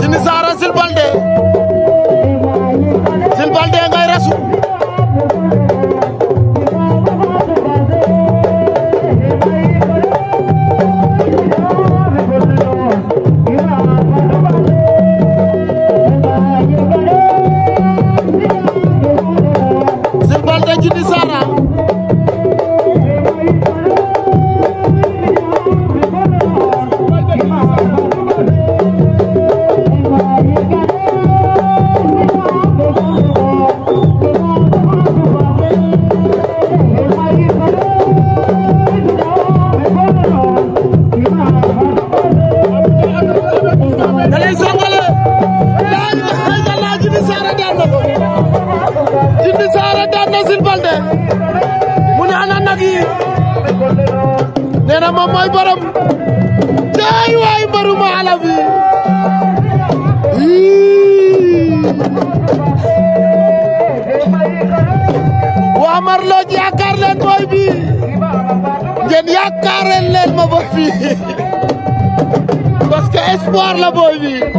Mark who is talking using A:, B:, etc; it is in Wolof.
A: Sini Saara Jules Baldé Jules a ngay rasu
B: ne daan na Jules Baldé mu ne ana nag
C: yi nee na moom mooy borom tey waay
D: ma ala bi waa Marlo yaakaar leen mooy bi ngeen yaakaareen leen ma ba fii
E: parce espoir la booy bi